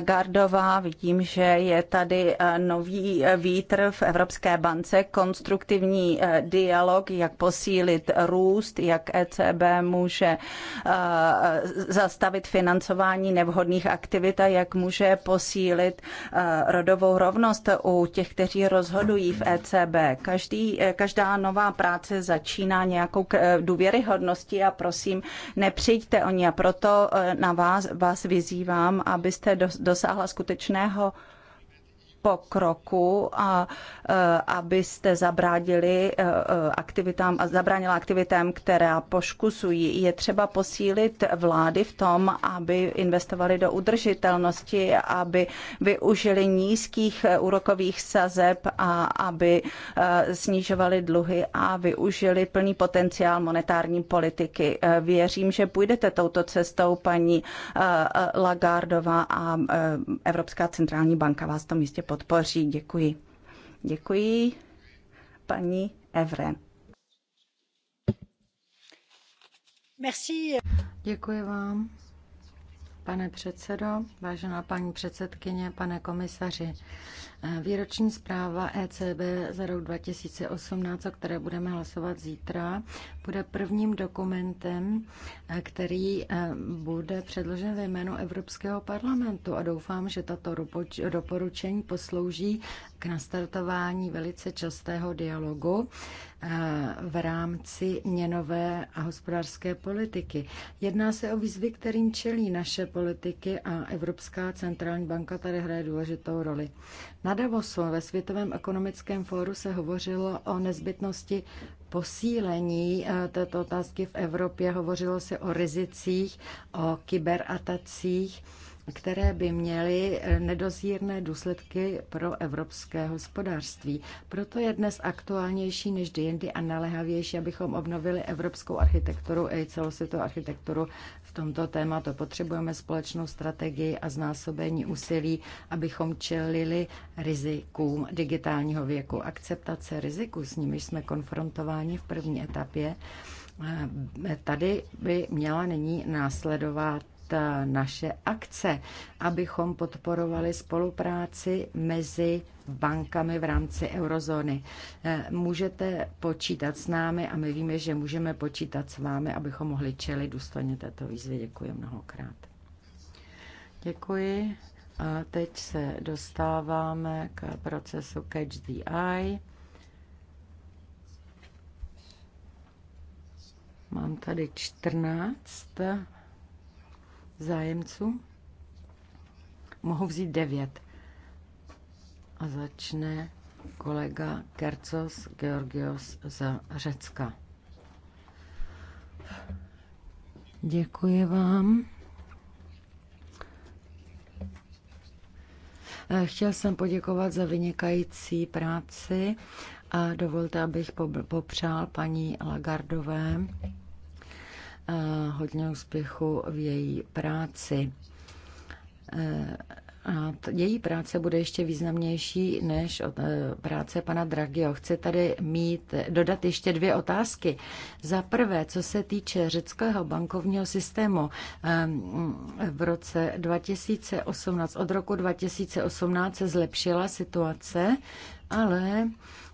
Gardová, vidím, že je tady eh, nový eh, vítr v Evropské bance, konstruktivní eh, dialog, jak posílit růst, jak ECB může zastavit financování nevhodných aktivit a jak může posílit rodovou rovnost u těch, kteří rozhodují v ECB. Každý, každá nová práce začíná nějakou důvěryhodností a prosím, nepřijďte ní. a proto na vás, vás vyzývám, abyste do dosáhla skutečného pokroku, a, e, abyste zabránili e, e, aktivitám a zabránila aktivitám, které poškusují. Je třeba posílit vlády v tom, aby investovali do udržitelnosti, aby využili nízkých úrokových sazeb a aby snižovali dluhy a využili plný potenciál monetární politiky. Věřím, že půjdete touto cestou, paní Lagardová, a Evropská centrální banka vás tam jistě podpoří. Děkuji. Děkuji paní Evren. Merci. Děkuji vám, pane předsedo, vážená paní předsedkyně, pane komisaři. Výroční zpráva ECB za rok 2018, o které budeme hlasovat zítra, bude prvním dokumentem, eh, který eh, bude předložen ve jménu Evropského parlamentu a doufám, že tato doporučení poslouží k nastartování velice častého dialogu eh, v rámci měnové a hospodářské politiky. Jedná se o výzvy, kterým čelí naše politiky a Evropská centrální banka tady hraje důležitou roli. Na Davosu ve Světovém ekonomickém fóru se hovořilo o nezbytnosti posílení eh, této otázky v Evropě. Hovořilo se o rizicích, o kyberatacích které by měly eh, nedozírné důsledky pro evropské hospodářství. Proto je dnes aktuálnější než jindy a naléhavější, abychom obnovili evropskou architekturu i celosvětovou architekturu v tomto tématu. Potřebujeme společnou strategii a znásobení úsilí, abychom čelili rizikům digitálního věku. Akceptace riziku, s nimiž jsme konfrontováni v první etapě, eh, Tady by měla nyní následovat naše akce, abychom podporovali spolupráci mezi bankami v rámci eurozóny. Eh, můžete počítat s námi a my víme, že můžeme počítat s vámi, abychom mohli čelit důstojně této výzvy. Děkuji mnohokrát. Děkuji. A teď se dostáváme k procesu Catch the Eye. Mám tady 14 zájemců. Mohu vzít devět. A začne kolega Kercos Georgios z Řecka. Děkuji vám. Chtěl jsem poděkovat za vynikající práci a dovolte, abych popřál paní Lagardové a hodně úspěchu v její práci. E, a její práce bude ještě významnější než od e, práce pana Dragio. Chci tady mít, dodat ještě dvě otázky. Za prvé, co se týče řeckého bankovního systému, v roce 2018, od roku 2018 se zlepšila situace ale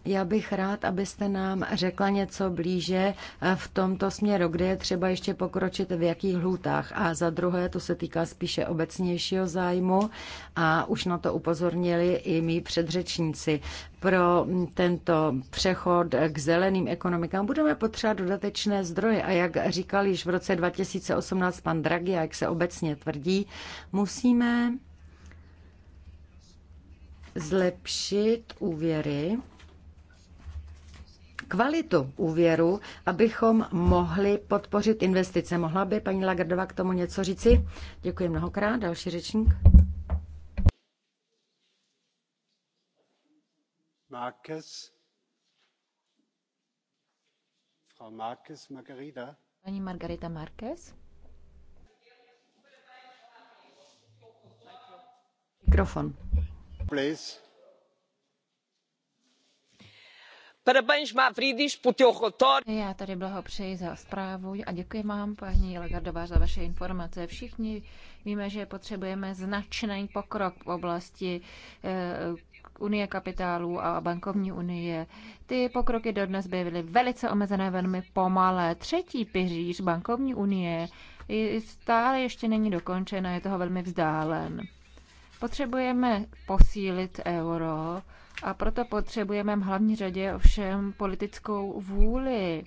já bych rád, abyste nám řekla něco blíže eh, v tomto směru, kde je třeba ještě pokročit, v jakých hlutách. A za druhé, to se týká spíše obecnějšího zájmu a už na to upozornili i mý předřečníci. Pro tento přechod k zeleným ekonomikám budeme potřebovat dodatečné zdroje a jak říkal již v roce 2018 pan Draghi, jak se obecně tvrdí, musíme zlepšit úvěry, kvalitu úvěru, abychom mohli podpořit investice. Mohla by paní Lagardová k tomu něco říci? Děkuji mnohokrát. Další řečník. Marques. Frau Marques Margarita. Paní Margarita Marques. Mikrofon. Já tedy blahopřeji za zprávu a děkuji vám, paní Legardová, za vaše informace. Všichni víme, že potřebujeme značný pokrok v oblasti eh, Unie kapitálu a bankovní unie. Ty pokroky dodnes byly velice omezené, velmi pomalé. Třetí pilíř bankovní unie stále ještě není dokončen a je toho velmi vzdálen. Potřebujeme posílit euro a proto potřebujeme v hlavní řadě ovšem politickou vůli.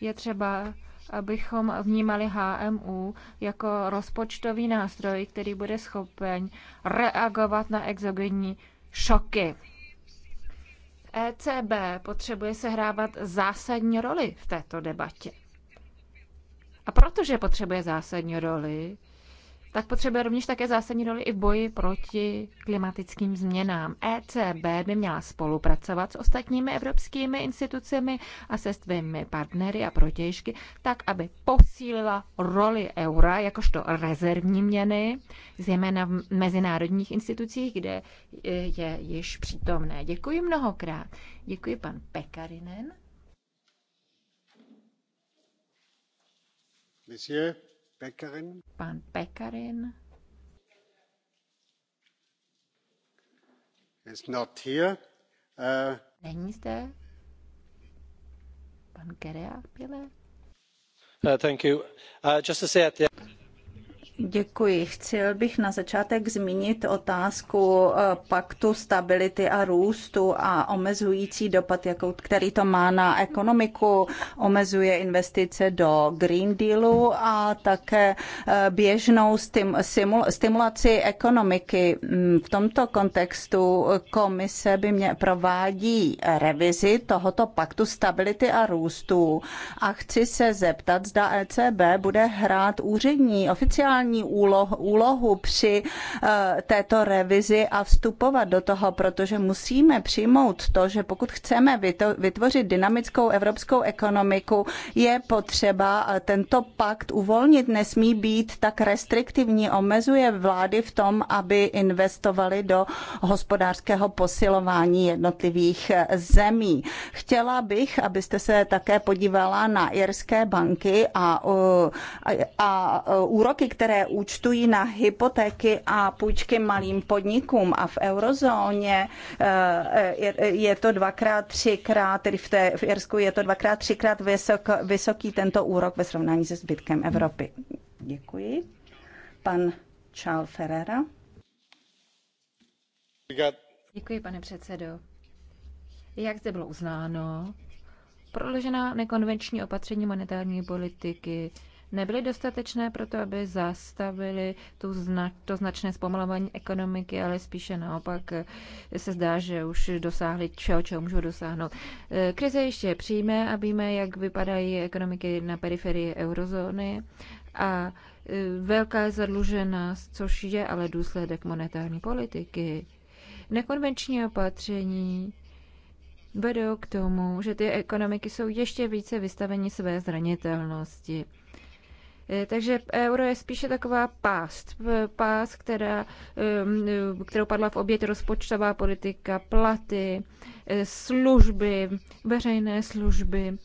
Je třeba, abychom vnímali HMU jako rozpočtový nástroj, který bude schopen reagovat na exogenní šoky. ECB potřebuje sehrávat zásadní roli v této debatě. A protože potřebuje zásadní roli, tak potřebuje rovněž také zásadní roli i v boji proti klimatickým změnám. ECB by měla spolupracovat s ostatními evropskými institucemi a se svými partnery a protějšky, tak aby posílila roli eura jakožto rezervní měny, zejména v mezinárodních institucích, kde je již přítomné. Děkuji mnohokrát. Děkuji pan Pekarinen. Monsieur. Pekarin. Pan Pekarin. Is not here. Uh, Není zde. Pan Gerea Pile. Uh, thank you. Uh, just to say at the... Děkuji. Chtěl bych na začátek zmínit otázku eh, paktu stability a růstu a omezující dopad, jakou, který to má na ekonomiku. Omezuje investice do Green Dealu a také eh, běžnou stimulaci ekonomiky. Mm, v tomto kontextu komise by mě provádí revizi tohoto paktu stability a růstu a chci se zeptat, zda ECB bude hrát úřední oficiální centrální úlohu, úlohu při eh, této revizi a vstupovat do toho, protože musíme přijmout to, že pokud chceme vytvořit dynamickou evropskou ekonomiku, je potřeba eh, tento pakt uvolnit. Nesmí být tak restriktivní, omezuje vlády v tom, aby investovali do hospodářského posilování jednotlivých eh, zemí. Chtěla bych, abyste se také podívala na irské banky a, a, a úroky, které které účtují na hypotéky a půjčky malým podnikům a v eurozóně eh, eh, je to dvakrát, třikrát, tedy v, té, v Irsku je to dvakrát, třikrát vysok, vysoký tento úrok ve srovnání se zbytkem Evropy. Děkuji. Pan Charles Ferrera. Děkuji, pane předsedo. Jak zde bylo uznáno, proložená nekonvenční opatření monetární politiky nebyly dostatečné pro to, aby zastavili tu zna, to značné zpomalování ekonomiky, ale spíše naopak se zdá, že už dosáhli čeho, čeho můžou dosáhnout. E, krize ještě přijme a víme, jak vypadají ekonomiky na periferii eurozóny a e, velká zadluženost, což je ale důsledek monetární politiky. Nekonvenční opatření vedou k tomu, že ty ekonomiky jsou ještě více vystaveni své zranitelnosti. Eh, takže euro je spíše taková pást, pást, která, kterou padla v oběť rozpočtová politika, platy, Eh, služby, veřejné služby.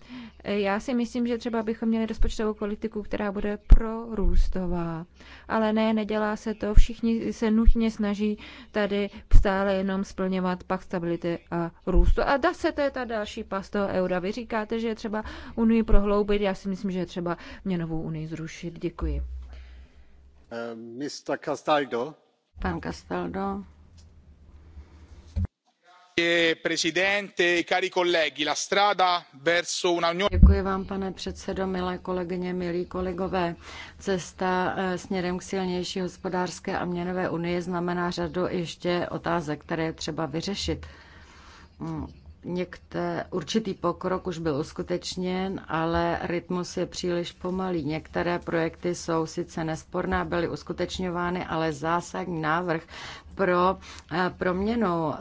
Eh, já si myslím, že třeba bychom měli rozpočtovou politiku, která bude prorůstová. Ale ne, nedělá se to. Všichni se nutně snaží tady stále jenom splňovat pak stability a růstu. A dá se, to je ta další pas toho eura. Vy říkáte, že je třeba Unii prohloubit. Já si myslím, že je třeba měnovou Unii zrušit. Děkuji. Uh, eh, Mr. Castaldo. Pan Castaldo. Děkuji vám, pane předsedající milé kolegyně, milí kolegové. Cesta eh, směrem k silnější hospodářské a měnové unii znamená řadu ještě otázek, které je třeba vyřešit mm. Některý určitý pokrok už byl uskutečněn, ale rytmus je příliš pomalý. Některé projekty jsou sice nesporné, byly uskutečňovány, ale zásadní návrh pro eh, proměnu eh,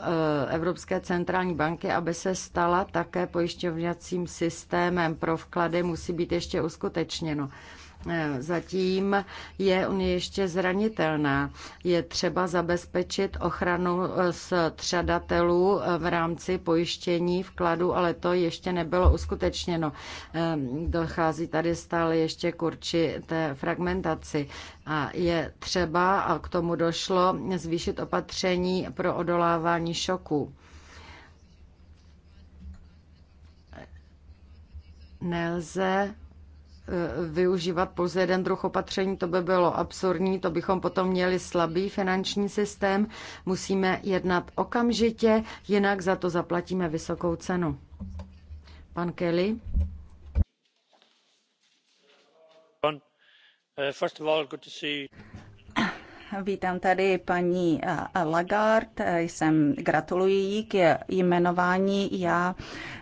Evropské centrální banky, aby se stala také pojišťovňacím systémem pro vklady, musí být ještě uskutečněno. Eh, zatím je on ještě zranitelná. Je třeba zabezpečit ochranu eh, třadatelů eh, v rámci pojištění vkladu, ale to ještě nebylo uskutečněno. Dochází tady stále ještě k určité fragmentaci. A je třeba, a k tomu došlo, zvýšit opatření pro odolávání šoků. Nelze Eh, využívat pouze jeden druh opatření, to by bylo absurdní, to bychom potom měli slabý finanční systém. Musíme jednat okamžitě, jinak za to zaplatíme vysokou cenu. Pan Kelly. First of all, good to see Vítám tady paní eh, Lagarde, jsem gratuluji jí k jmenování. Já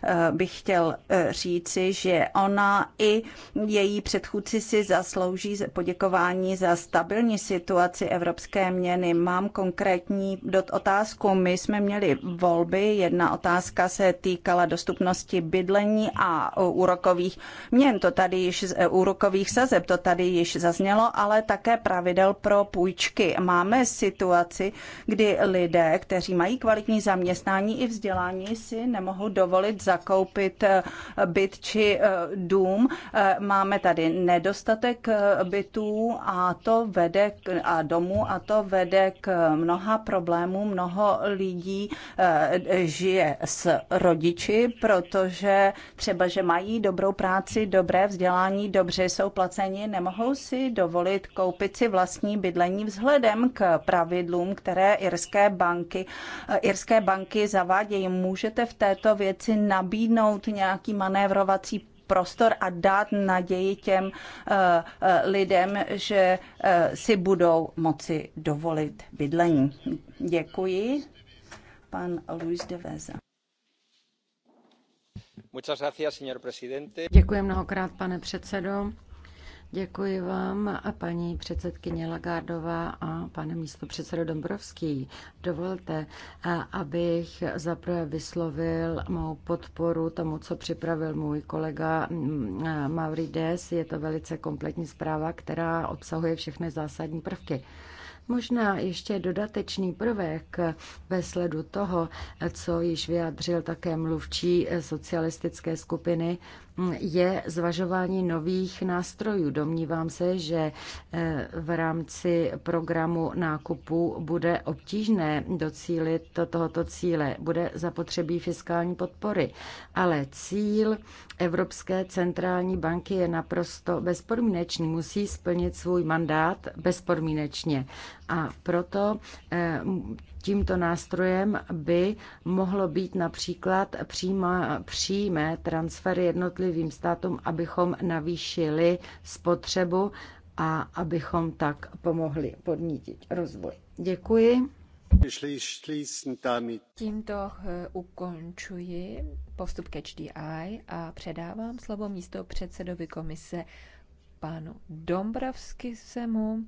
eh, bych chtěl eh, říci, že ona i její předchůdci si zaslouží poděkování za stabilní situaci evropské měny. Mám konkrétní dot otázku. My jsme měli volby. Jedna otázka se týkala dostupnosti bydlení a úrokových měn. To tady již úrokových sazeb, to tady již zaznělo, ale také pravidel pro půjčky nůžky. Máme situaci, kdy lidé, kteří mají kvalitní zaměstnání i vzdělání, si nemohou dovolit zakoupit eh, byt či eh, dům. Eh, máme tady nedostatek bytů a to vede k, a domů a to vede k mnoha problémům. Mnoho lidí žije s rodiči, protože třeba, že mají dobrou práci, dobré vzdělání, dobře jsou placeni, nemohou si dovolit koupit si vlastní bydlení vzhledem vzhledem k pravidlům, které irské banky, irské banky zavádějí. Můžete v této věci nabídnout nějaký manévrovací prostor a dát naději těm eh, eh, lidem, že eh, si budou moci dovolit bydlení. Děkuji. Pan Luis de Veza. Děkuji mnohokrát, pane předsedo. Děkuji vám a paní předsedkyně Lagardová a pane místopředsedo Dombrovský. Dovolte, abych zaprvé vyslovil mou podporu tomu, co připravil můj kolega mm, Maurides. Je to velice kompletní zpráva, která obsahuje všechny zásadní prvky. Možná ještě dodatečný prvek ve sledu toho, co již vyjadřil také mluvčí socialistické skupiny, je zvažování nových nástrojů. Domnívám se, že eh, v rámci programu nákupu bude obtížné docílit tohoto cíle. Bude zapotřebí fiskální podpory. Ale cíl Evropské centrální banky je naprosto bezpodmínečný. Musí splnit svůj mandát bezpodmínečně. A proto eh, tímto nástrojem by mohlo být například přímá, přímé transfery jednotlivým státům, abychom navýšili spotřebu a abychom tak pomohli podnítit rozvoj. Děkuji. Tímto eh, ukončuji postup ke HDI a předávám slovo místo předsedovi komise panu Dombrovskisemu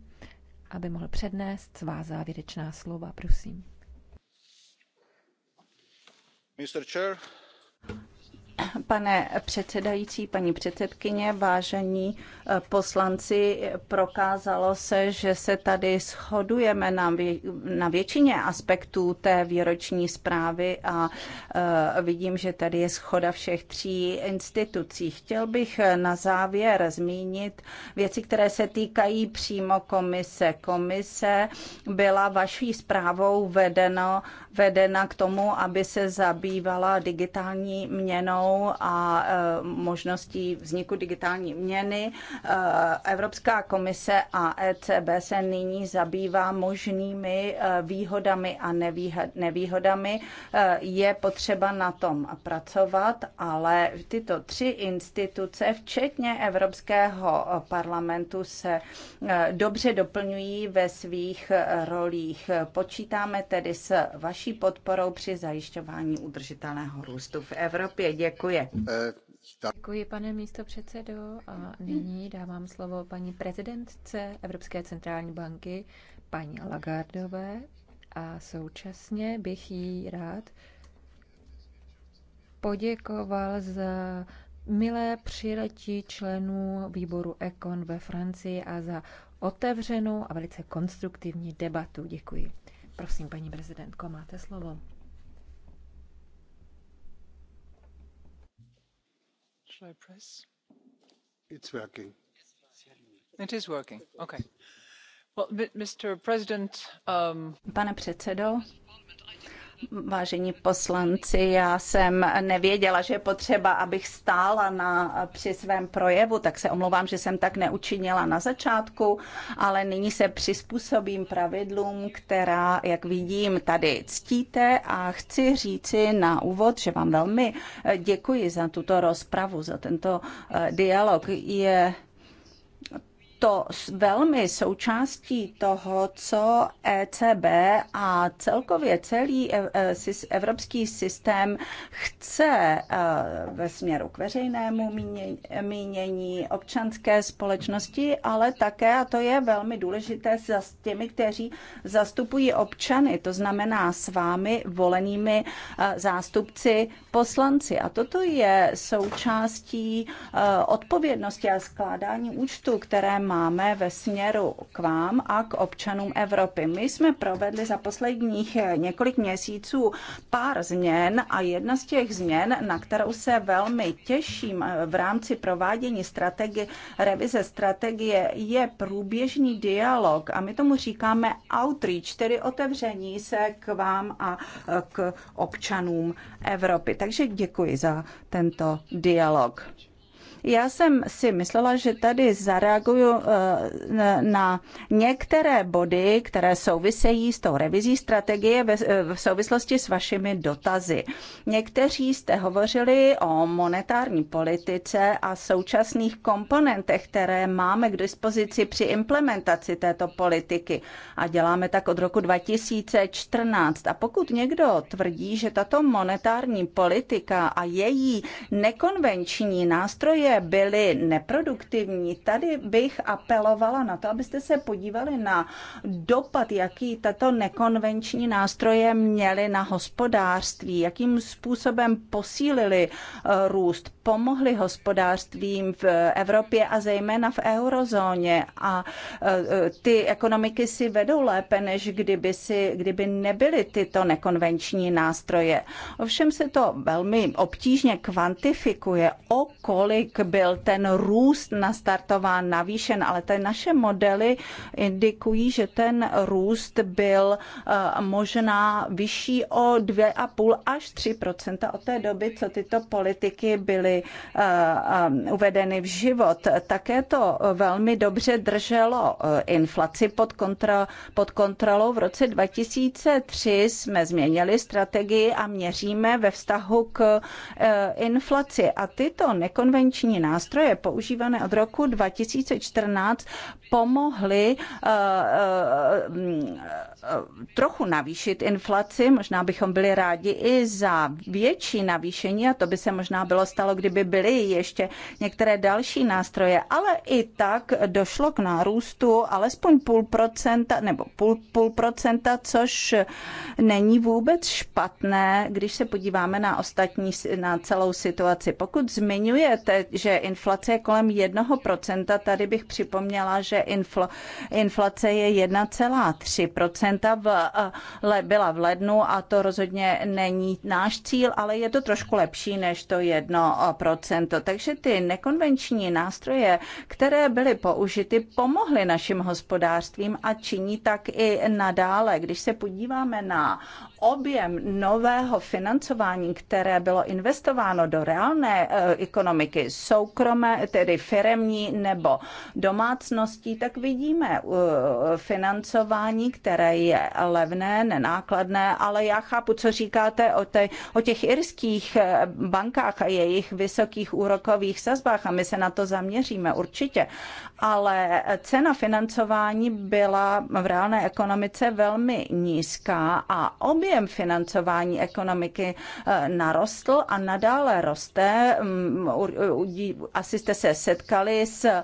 aby mohl přednést svá závěrečná slova. Prosím. Mr. Chair. Pane předsedající, paní předsedkyně, vážení eh, poslanci, prokázalo se, že se tady shodujeme na, vě, na většině aspektů té výroční zprávy a e, vidím, že tady je schoda všech tří institucí. Chtěl bych eh, na závěr zmínit věci, které se týkají přímo komise. Komise byla vaší zprávou vedeno vedena k tomu, aby se zabývala digitální měnou a e, možností vzniku digitální měny. E, Evropská komise a ECB se nyní zabývá možnými e, výhodami a nevýhodami. Je potřeba na tom pracovat, ale tyto tři instituce, včetně Evropského parlamentu, se dobře doplňují ve svých rolích. Počítáme tedy s vaší naší podporou při zajišťování udržitelného růstu v Evropě. Děkuji. Děkuji, pane místo předsedo. A nyní dávám slovo paní prezidentce Evropské centrální banky, paní Lagardové. A současně bych jí rád poděkoval za milé přiletí členů výboru Econ ve Francii a za otevřenou a velice konstruktivní debatu. Děkuji. Prosím, paní prezidentko, máte slovo. Shall I press? It's working. It is working. Okay. Well, Mr. President, um... Pane předsedo, Vážení poslanci, já jsem nevěděla, že je potřeba, abych stála na, při svém projevu, tak se omlouvám, že jsem tak neučinila na začátku, ale nyní se přizpůsobím pravidlům, která, jak vidím, tady ctíte a chci říci na úvod, že vám velmi děkuji za tuto rozpravu, za tento eh, dialog. Je to velmi součástí toho, co ECB a celkově celý e- e- evropský systém chce e, ve směru k veřejnému mínění občanské společnosti, ale také, a to je velmi důležité, s těmi, kteří zastupují občany, to znamená s vámi volenými zástupci poslanci. A toto je součástí odpovědnosti a skládání účtu, které máme ve směru k vám a k občanům Evropy. My jsme provedli za posledních několik měsíců pár změn a jedna z těch změn, na kterou se velmi těším v rámci provádění strategie, revize strategie, je průběžný dialog a my tomu říkáme outreach, tedy otevření se k vám a k občanům Evropy. Takže děkuji za tento dialog. Já jsem si myslela, že tady zareaguju eh, na některé body, které souvisejí s tou revizí strategie eh, v souvislosti s vašimi dotazy. Někteří jste hovořili o monetární politice a současných komponentech, které máme k dispozici při implementaci této politiky. A děláme tak od roku 2014. A pokud někdo tvrdí, že tato monetární politika a její nekonvenční nástroje studie byly neproduktivní, tady bych apelovala na to, abyste se podívali na dopad, jaký tato nekonvenční nástroje měly na hospodářství, jakým způsobem posílili eh, růst, pomohli hospodářstvím v Evropě a zejména v eurozóně. A eh, eh, ty ekonomiky si vedou lépe, než kdyby, si, kdyby nebyly tyto nekonvenční nástroje. Ovšem se to velmi obtížně kvantifikuje, o kolik byl ten růst nastartován, navýšen, ale ty naše modely indikují, že ten růst byl eh, možná vyšší o 2,5 až 3 od té doby, co tyto politiky byly eh, eh, uvedeny v život. Také to velmi dobře drželo inflaci pod, kontro, pod kontrolou. V roce 2003 jsme změnili strategii a měříme ve vztahu k inflaci. A tyto nekonvenční finanční nástroje používané od roku 2014 pomohly eh, eh, eh, trochu navýšit inflaci. Možná bychom byli rádi i za větší navýšení a to by se možná bylo stalo, kdyby byly ještě některé další nástroje, ale i tak došlo k nárůstu alespoň půl procenta nebo půl, půl procenta, což není vůbec špatné, když se podíváme na ostatní, na celou situaci. Pokud zmiňujete, že inflace je kolem 1%. Tady bych připomněla, že infl, inflace je 1,3%. V, le byla v lednu a to rozhodně není náš cíl, ale je to trošku lepší než to 1%. Takže ty nekonvenční nástroje, které byly použity, pomohly našim hospodářstvím a činí tak i nadále. Když se podíváme na objem nového financování, které bylo investováno do reálné eh, ekonomiky, soukromé, tedy firemní nebo domácností, tak vidíme uh, financování, které je levné, nenákladné, ale já chápu, co říkáte o, o těch irských eh, bankách a jejich vysokých úrokových sazbách a my se na to zaměříme určitě. Ale cena financování byla v reálné ekonomice velmi nízká a objem financování ekonomiky eh, narostl a nadále roste. Mm, asi jste se setkali s eh,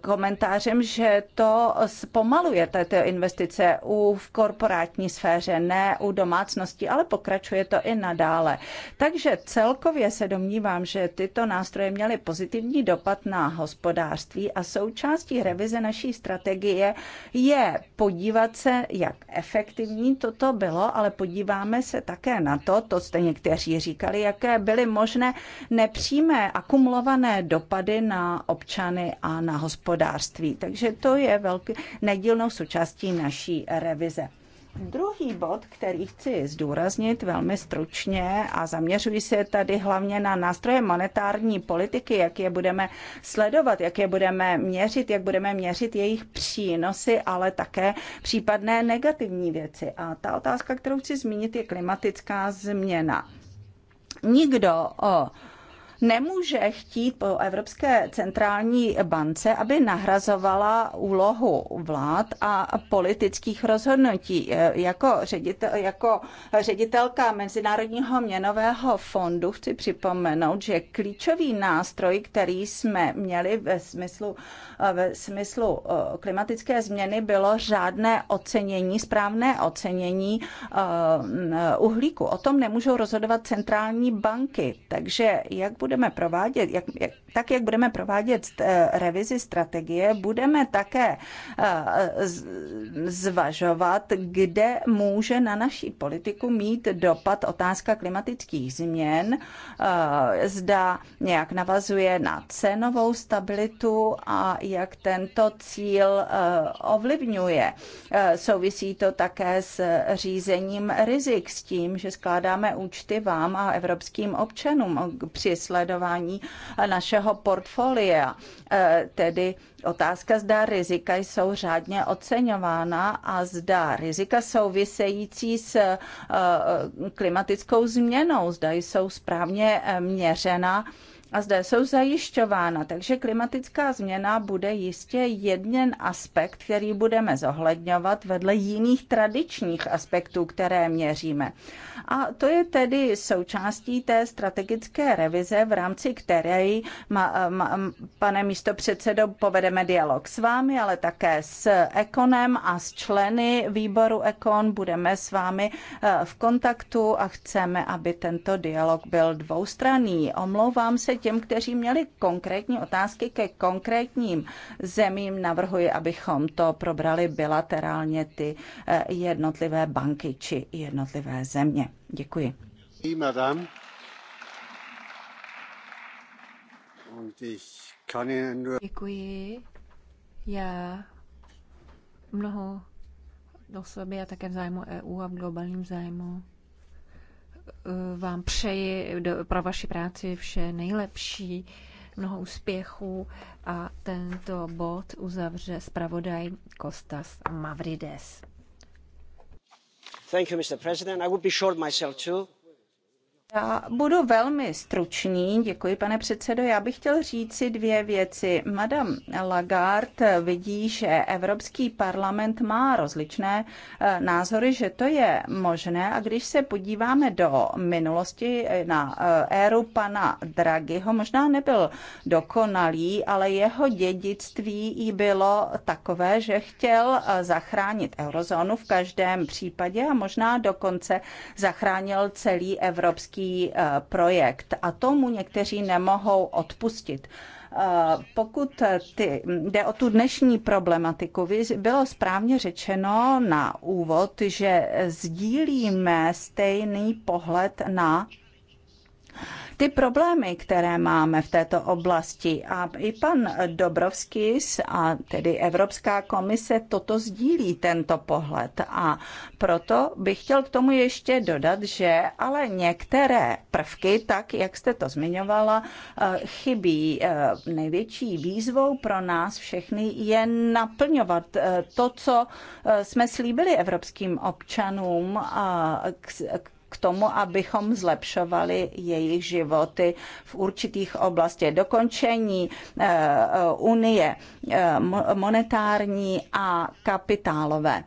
komentářem, že to zpomaluje této investice u v korporátní sféře, ne u domácnosti, ale pokračuje to i nadále. Takže celkově se domnívám, že tyto nástroje měly pozitivní dopad na hospodářství a součástí revize naší strategie je podívat se, jak efektivní toto bylo, ale podíváme se také na to, to jste někteří říkali, jaké byly možné nepřímé akumulace kalkulované dopady na občany a na hospodářství. Takže to je velký, nedílnou součástí naší revize. Druhý bod, který chci zdůraznit velmi stručně a zaměřuji se tady hlavně na nástroje monetární politiky, jak je budeme sledovat, jak je budeme měřit, jak budeme měřit jejich přínosy, ale také případné negativní věci. A ta otázka, kterou chci zmínit, je klimatická změna. Nikdo o nemůže chtít po Evropské centrální bance, aby nahrazovala úlohu vlád a politických rozhodnutí. Jako, ředitel, jako ředitelka Mezinárodního měnového fondu chci připomenout, že klíčový nástroj, který jsme měli ve smyslu, ve smyslu eh, klimatické změny, bylo řádné ocenění, správné ocenění eh, uhlíku. O tom nemůžou rozhodovat centrální banky. Takže jak bude budeme provádět, jak, jak, tak jak budeme provádět eh, revizi strategie, budeme také eh, zvažovat, kde může na naší politiku mít dopad otázka klimatických změn, eh, zda nějak navazuje na cenovou stabilitu a jak tento cíl ovlivňuje. Souvisí to také s řízením rizik, s tím, že skládáme účty vám a evropským občanům při sledování našeho svého portfolia. Eh, tedy otázka, zda rizika jsou řádně oceňována a zda rizika související s eh, klimatickou změnou, zda jsou správně eh, měřena a zde jsou zajišťována. Takže klimatická změna bude jistě jeden aspekt, který budeme zohledňovat vedle jiných tradičních aspektů, které měříme. A to je tedy součástí té strategické revize, v rámci které, ma, ma, pane předsedo, povedeme dialog s vámi, ale také s Ekonem a s členy výboru Ekon. Budeme s vámi eh, v kontaktu a chceme, aby tento dialog byl dvoustranný. Omlouvám se těm, kteří měli konkrétní otázky ke konkrétním zemím. Navrhuji, abychom to probrali bilaterálně ty eh, jednotlivé banky či jednotlivé země. Děkuji. Děkuji. Já mnoho do sebe a také v zájmu EU a v globálním zájmu eh, vám přeji do, pro vaši práci vše nejlepší, mnoho úspěchů a tento bod uzavře zpravodaj Kostas Mavrides mr president i will be short myself too. Já budu velmi stručný, děkuji pane předsedo. Já bych chtěl říct si dvě věci. Madame Lagarde vidí, že Evropský parlament má rozličné eh, názory, že to je možné a když se podíváme do minulosti eh, na eh, éru pana Draghiho, možná nebyl dokonalý, ale jeho dědictví i bylo takové, že chtěl zachránit eurozónu v každém případě a možná dokonce zachránil celý evropský velký eh, projekt a tomu někteří nemohou odpustit eh, pokud ty, jde o tu dnešní problematiku, bylo správně řečeno na úvod, že sdílíme stejný pohled na ty problémy, které máme v této oblasti. A i pan Dobrovskis a tedy Evropská komise toto sdílí, tento pohled. A proto bych chtěl k tomu ještě dodat, že ale některé prvky, tak jak jste to zmiňovala, eh, chybí. Eh, největší výzvou pro nás všechny je naplňovat eh, to, co jsme slíbili evropským občanům, k tomu, abychom zlepšovali jejich životy v určitých oblastech. Dokončení eh, eh, unie eh, monetární a kapitálové.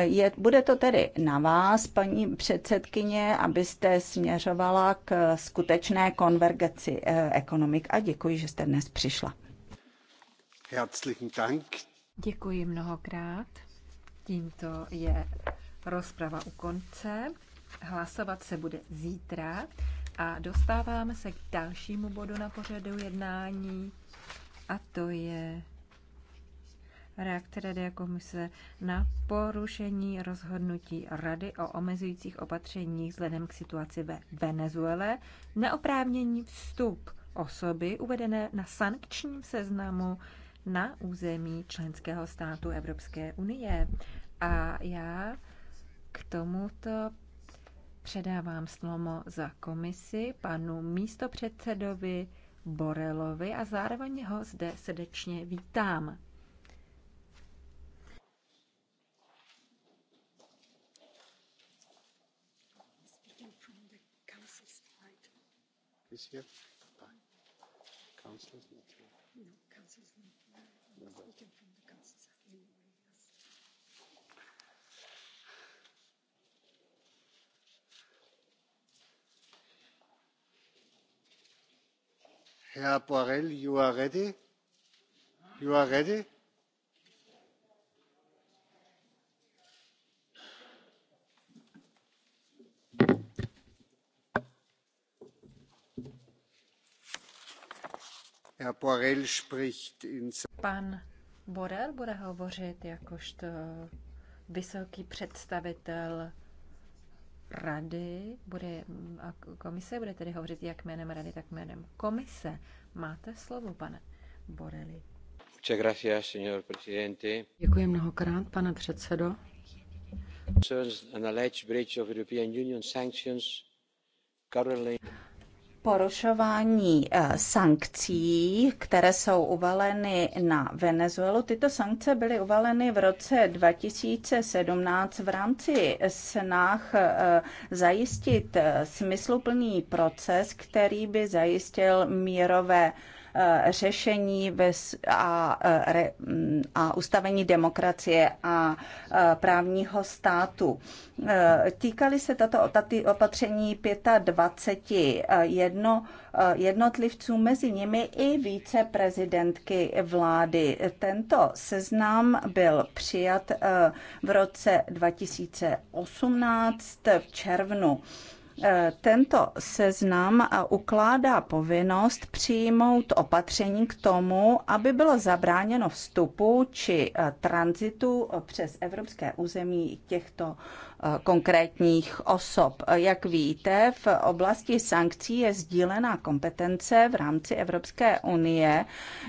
Je, bude to tedy na vás, paní předsedkyně, abyste směřovala k skutečné konvergenci ekonomik a děkuji, že jste dnes přišla. Herzlichen Dank. Děkuji mnohokrát. Tímto je rozprava u konce. Hlasovat se bude zítra a dostáváme se k dalšímu bodu na pořadu jednání a to je reakce Rady komise na porušení rozhodnutí Rady o omezujících opatřeních vzhledem k situaci ve Venezuele, neoprávnění vstup osoby uvedené na sankčním seznamu na území členského státu Evropské unie. A já k tomuto Předávám slovo za komisi panu místopředsedovi Borelovi a zároveň ho zde srdečně vítám. Is here? Bye. Counselors, Pan Borrell bude hovořit jakožto vysoký představitel rady, bude, a komise bude tedy hovořit jak jménem rady, tak jménem komise. Máte slovo, pane Boreli. Děkuji mnohokrát, pane předsedo. An alleged breach of European Union sanctions currently porušování eh, sankcí, které jsou uvaleny na Venezuelu. Tyto sankce byly uvaleny v roce 2017 v rámci snah eh, zajistit eh, smysluplný proces, který by zajistil mírové Eh, řešení a, eh, mm, a ustavení demokracie a eh, právního státu. Týkaly se tato opatření 25 jednotlivců, mezi nimi i více prezidentky vlády. Tento seznam byl přijat v roce 2018 v červnu. Eh, tento seznam eh, ukládá povinnost přijmout opatření k tomu, aby bylo zabráněno vstupu či eh, tranzitu přes evropské území těchto konkrétních osob. Jak víte, v oblasti sankcí je sdílená kompetence v rámci Evropské unie.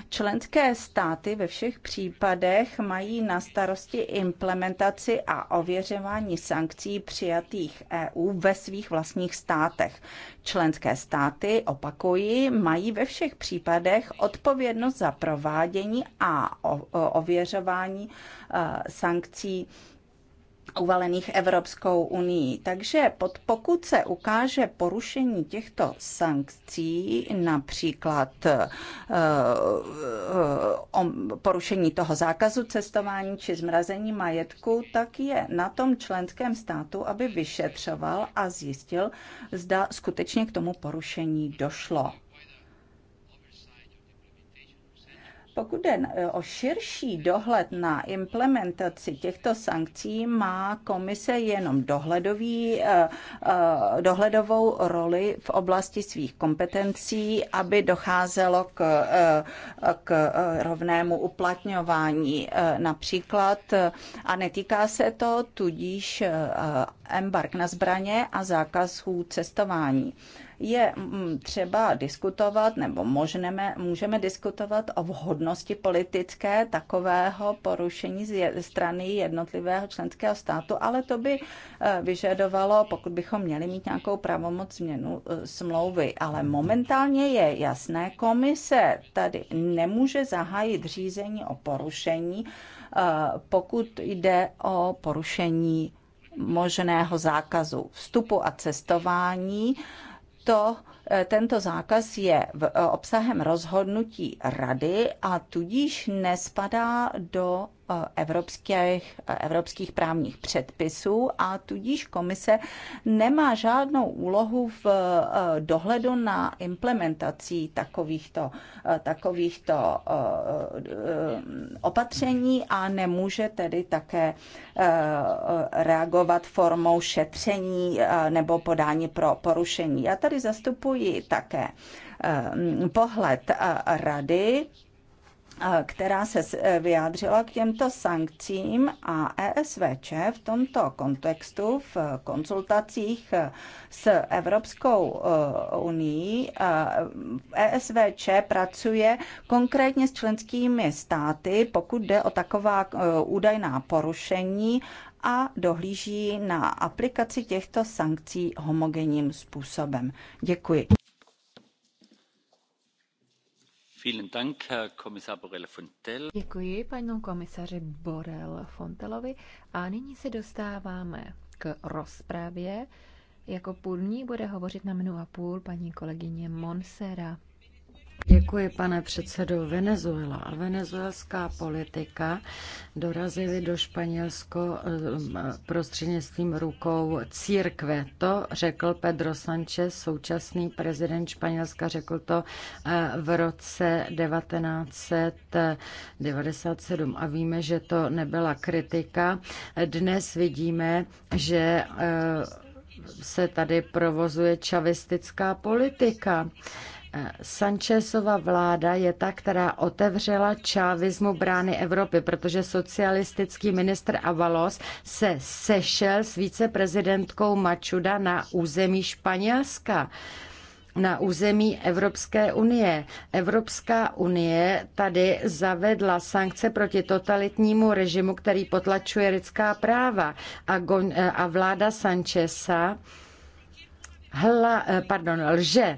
Členské státy ve všech případech mají na starosti implementaci a ověřování sankcí přijatých EU ve svých vlastních státech. Členské státy, opakuji, mají ve všech případech odpovědnost za provádění a ověřování eh, sankcí uvalených Evropskou unii. Takže pod, pokud se ukáže porušení těchto sankcí, například uh, um, porušení toho zákazu cestování či zmrazení majetku, tak je na tom členském státu, aby vyšetřoval a zjistil, zda skutečně k tomu porušení došlo. Pokud jde o širší dohled na implementaci těchto sankcí, má komise jenom dohledový, eh, eh, dohledovou roli v oblasti svých kompetencí, aby docházelo k, eh, k rovnému uplatňování například. A netýká se to tudíž embark na zbraně a zákazů cestování je mm, třeba diskutovat nebo možneme, můžeme diskutovat o vhodnosti politické takového porušení ze strany jednotlivého členského státu, ale to by eh, vyžadovalo, pokud bychom měli mít nějakou pravomoc změnu eh, smlouvy. Ale momentálně je jasné, komise tady nemůže zahájit řízení o porušení, eh, pokud jde o porušení možného zákazu vstupu a cestování to, eh, tento zákaz je v, eh, obsahem rozhodnutí rady a tudíž nespadá do evropských, evropských právních předpisů a tudíž komise nemá žádnou úlohu v eh, dohledu na implementací takovýchto, eh, takovýchto eh, opatření a nemůže tedy také reagovat formou šetření nebo podání pro porušení. Já tady zastupuji také pohled rady, Eh, která se eh, vyjádřila k těmto sankcím a ESVČ v tomto kontextu v konzultacích eh, s Evropskou unii ESVČ e pracuje konkrétně s členskými státy, pokud jde o taková údajná porušení a dohlíží na aplikaci těchto sankcí homogenním způsobem. Děkuji. Děkuji panu komisaři Borel Fontelovi a nyní se dostáváme k rozpravě. Jako půlní bude hovořit na minu a půl paní kolegyně Monsera. Děkuji, pane předsedo. Venezuela a venezuelská politika dorazily do Španělsko eh, prostřednictvím rukou církve. To řekl Pedro Sanchez, současný prezident Španělska, řekl to eh, v roce 1997 a víme, že to nebyla kritika. Dnes vidíme, že eh, se tady provozuje čavistická politika Sanchezova vláda je ta, která otevřela čávismu brány Evropy, protože socialistický ministr Avalos se sešel s viceprezidentkou Mačuda na území Španělska na území Evropské unie. Evropská unie tady zavedla sankce proti totalitnímu režimu, který potlačuje lidská práva a, gon, a vláda Sanchesa hla, pardon, lže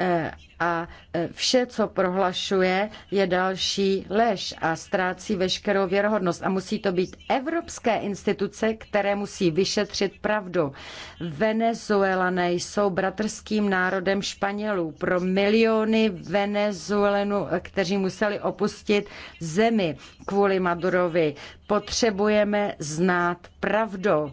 E, a e, vše, co prohlašuje, je další lež a ztrácí veškerou věrohodnost. A musí to být evropské instituce, které musí vyšetřit pravdu. Venezuelané jsou bratrským národem Španělů. Pro miliony Venezuelanů, kteří museli opustit zemi kvůli Madurovi, potřebujeme znát pravdu.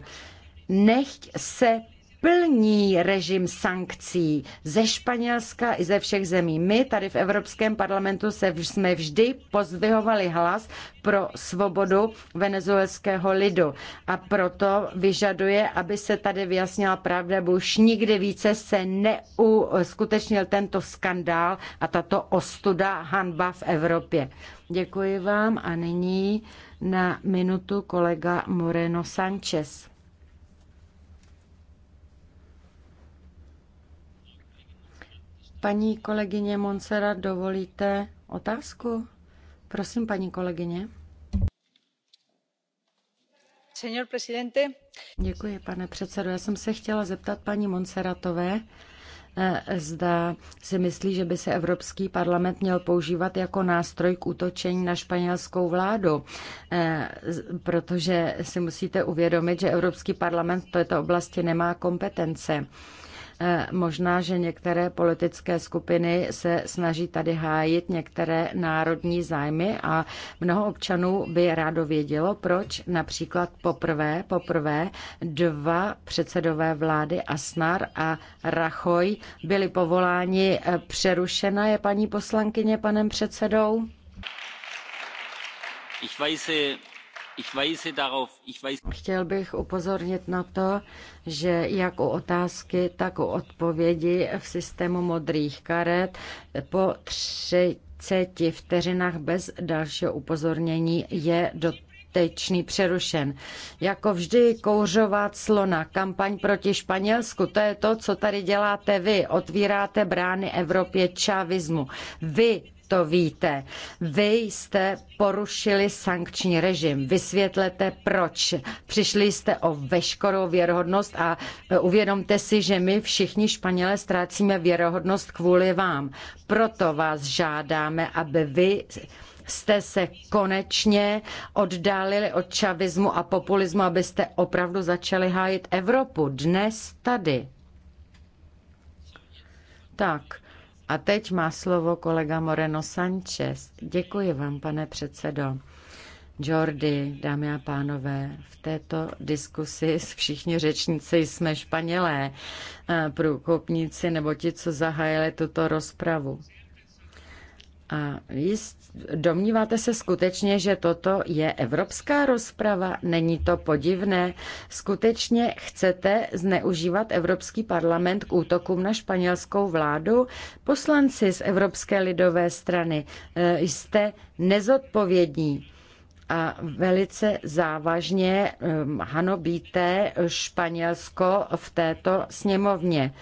Nechť se plní režim sankcí ze Španělska i ze všech zemí. My tady v Evropském parlamentu se vž, jsme vždy pozdvihovali hlas pro svobodu venezuelského lidu a proto vyžaduje, aby se tady vyjasnila pravda, bo už nikdy více se neuskutečnil tento skandál a tato ostuda hanba v Evropě. Děkuji vám a nyní na minutu kolega Moreno Sanchez. Paní kolegyně Moncera, dovolíte otázku? Prosím, paní kolegyně. Děkuji, pane předsedo. Já jsem se chtěla zeptat paní Monseratové, eh, zda si myslí, že by se Evropský parlament měl používat jako nástroj k útočení na španělskou vládu, eh, protože si musíte uvědomit, že Evropský parlament v této oblasti nemá kompetence. Eh, možná, že některé politické skupiny se snaží tady hájit některé národní zájmy a mnoho občanů by rádo vědělo, proč například poprvé, poprvé dva předsedové vlády Asnar a Rachoj byli povoláni. Eh, přerušena je paní poslankyně panem předsedou? Ich weise Chtěl bych upozornit na to, že jak u otázky, tak u odpovědi v systému modrých karet po 30 vteřinách bez dalšího upozornění je do přerušen. Jako vždy kouřovat slona, kampaň proti Španělsku, to je to, co tady děláte vy. Otvíráte brány Evropě čavismu. Vy to víte. Vy jste porušili sankční režim. Vysvětlete proč. Přišli jste o veškerou věrohodnost a uvědomte si, že my všichni Španělé ztrácíme věrohodnost kvůli vám. Proto vás žádáme, aby vy jste se konečně oddálili od čavismu a populismu, abyste opravdu začali hájit Evropu dnes tady. Tak, a teď má slovo kolega Moreno Sanchez. Děkuji vám, pane předsedo. Jordi, dámy a pánové, v této diskusi s všichni řečníci jsme Španělé, eh, průkopníci nebo ti, co zahájili tuto rozpravu. A jist, domníváte se skutečně, že toto je evropská rozprava? Není to podivné? Skutečně chcete zneužívat Evropský parlament k útokům na španělskou vládu? Poslanci z Evropské lidové strany e, jste nezodpovědní a velice závažně e, hanobíte Španělsko v této sněmovně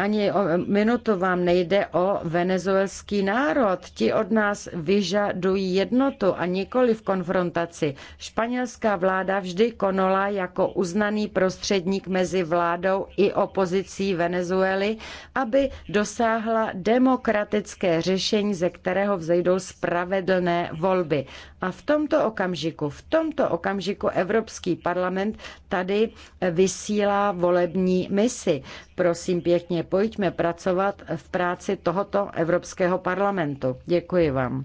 ani o minutu vám nejde o venezuelský národ. Ti od nás vyžadují jednotu a nikoli v konfrontaci. Španělská vláda vždy konala jako uznaný prostředník mezi vládou i opozicí Venezuely, aby dosáhla demokratické řešení, ze kterého vzejdou spravedlné volby. A v tomto okamžiku, v tomto okamžiku Evropský parlament tady vysílá volební misi. Prosím pěkně, pojďme pracovat v práci tohoto Evropského parlamentu. Děkuji vám.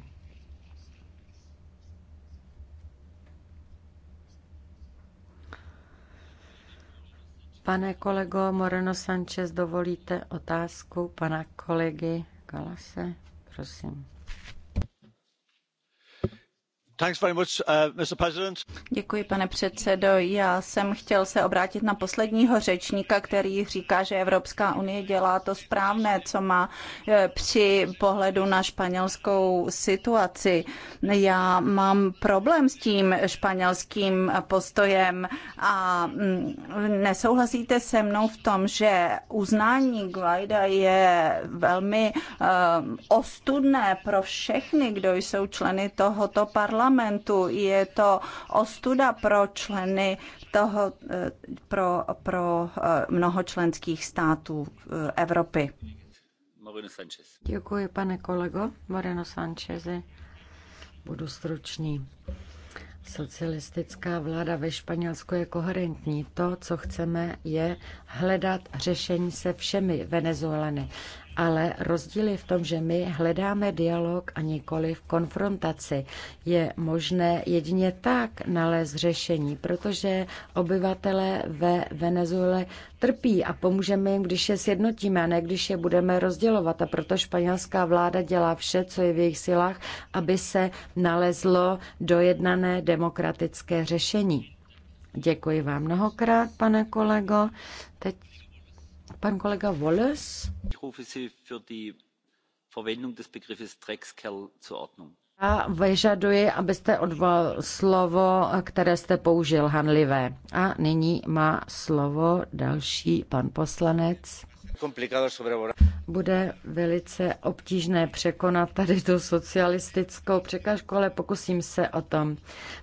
Pane kolego Moreno Sanchez, dovolíte otázku pana kolegy Galase? Prosím. Uh, Děkuji, pane předsedající Já jsem chtěl se obrátit na posledního řečníka, který říká, že Evropská unie dělá to správné, co má eh, při pohledu na španělskou situaci. Já mám problém s tím španělským postojem a mm, nesouhlasíte se mnou v tom, že uznání Guaida je velmi eh, ostudné pro všechny, kdo jsou členy tohoto parlamentu parlamentu. Je to ostuda pro členy toho, eh, pro, pro eh, mnoho členských států eh, Evropy. Děkuji, pane kolego Moreno Sanchez. Budu stručný. Socialistická vláda ve Španělsku je koherentní. To, co chceme, je hledat řešení se všemi Venezuelany ale rozdíl je v tom, že my hledáme dialog a nikoli v konfrontaci. Je možné jedině tak nalézt řešení, protože obyvatele ve Venezuele trpí a pomůžeme jim, když je sjednotíme, a ne když je budeme rozdělovat. A proto španělská vláda dělá vše, co je v jejich silách, aby se nalezlo dojednané demokratické řešení. Děkuji vám mnohokrát, pane kolego. Teď Pan kolega Wallace. Ich A vyžaduji, abyste odvolal slovo, které jste použil, hanlivé. A nyní má slovo další pan poslanec bude velice obtížné překonat tady tu socialistickou překážku, ale pokusím se o tom.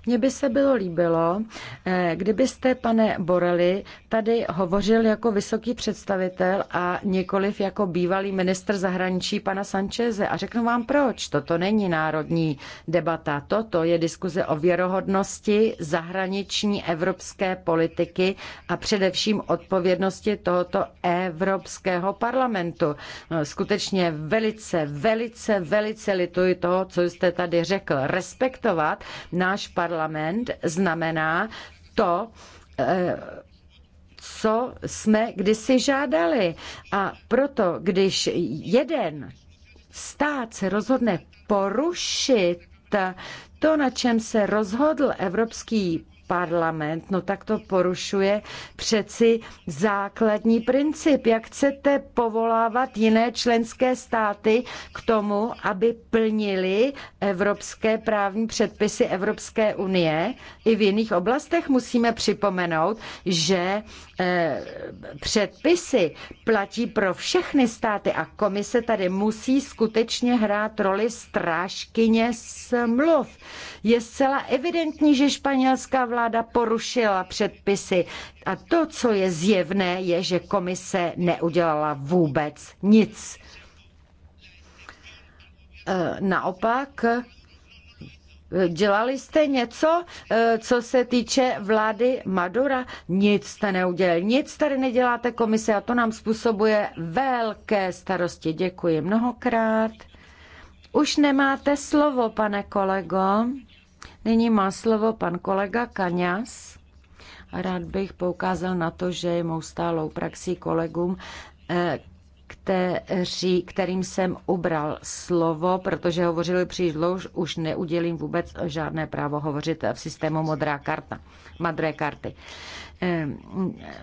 Mně by se bylo líbilo, eh, kdybyste, pane Boreli, tady hovořil jako vysoký představitel a nikoliv jako bývalý minister zahraničí pana Sancheze. A řeknu vám proč. Toto není národní debata. Toto je diskuze o věrohodnosti zahraniční evropské politiky a především odpovědnosti tohoto Evropského parlamentu. Eh, skutečně velice, velice, velice lituji toho, co jste tady řekl. Respektovat náš parlament znamená to, eh, co jsme kdysi žádali. A proto, když jeden stát se rozhodne porušit to, na čem se rozhodl Evropský parlament, no tak to porušuje přeci základní princip. Jak chcete povolávat jiné členské státy k tomu, aby plnili evropské právní předpisy Evropské unie? I v jiných oblastech musíme připomenout, že Eh, předpisy platí pro všechny státy a komise tady musí skutečně hrát roli strážkyně smluv. Je zcela evidentní, že španělská vláda porušila předpisy a to, co je zjevné, je, že komise neudělala vůbec nic. Eh, naopak Dělali jste něco, eh, co se týče vlády Madura? Nic jste neudělali, nic tady neděláte komise a to nám způsobuje velké starosti. Děkuji mnohokrát. Už nemáte slovo, pane kolego. Nyní má slovo pan kolega Kaňas. Rád bych poukázal na to, že je mou stálou praxí kolegům eh, kteří, kterým jsem ubral slovo, protože hovořili příliš dlouho, už neudělím vůbec žádné právo hovořit v systému modrá karta, modré karty. Ehm,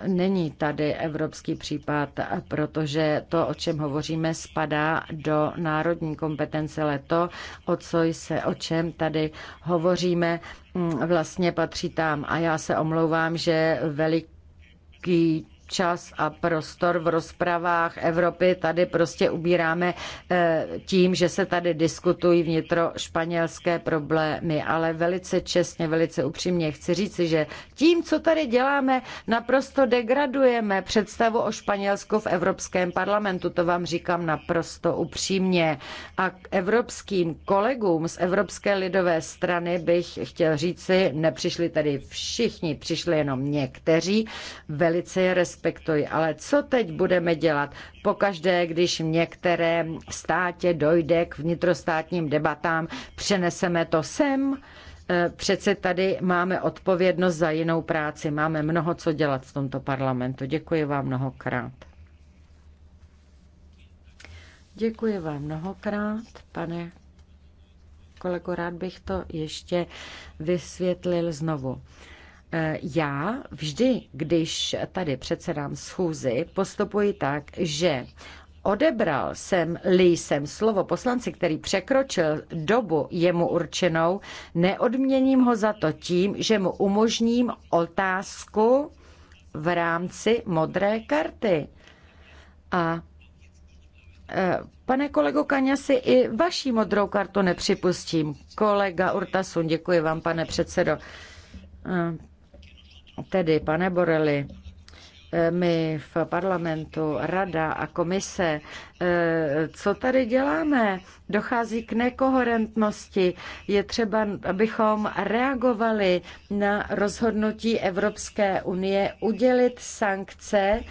není tady evropský případ, protože to, o čem hovoříme, spadá do národní kompetence, Leto, o, co se, o čem tady hovoříme, mm, vlastně patří tam. A já se omlouvám, že velký čas a prostor v rozpravách Evropy tady prostě ubíráme eh, tím, že se tady diskutují vnitro španělské problémy, ale velice čestně, velice upřímně chci říci, že tím, co tady děláme, naprosto degradujeme představu o Španělsku v Evropském parlamentu, to vám říkám naprosto upřímně. A k evropským kolegům z Evropské lidové strany bych chtěl říci, nepřišli tady všichni, přišli jenom někteří, velice je respektuji. Ale co teď budeme dělat? Pokaždé, když v některém státě dojde k vnitrostátním debatám, přeneseme to sem. Eh, přece tady máme odpovědnost za jinou práci. Máme mnoho co dělat v tomto parlamentu. Děkuji vám mnohokrát. Děkuji vám mnohokrát, pane kolego, rád bych to ještě vysvětlil znovu. Já vždy, když tady předsedám schůzi, postupuji tak, že odebral jsem lísem slovo poslanci, který překročil dobu jemu určenou, neodměním ho za to tím, že mu umožním otázku v rámci modré karty. A e, Pane kolego Kaňasi, i vaší modrou kartu nepřipustím. Kolega Urtasun, děkuji vám, pane předsedo. E, Tedy, pane Boreli, eh, my v parlamentu, rada a komise, eh, co tady děláme? Dochází k nekoherentnosti. Je třeba, abychom reagovali na rozhodnutí Evropské unie udělit sankce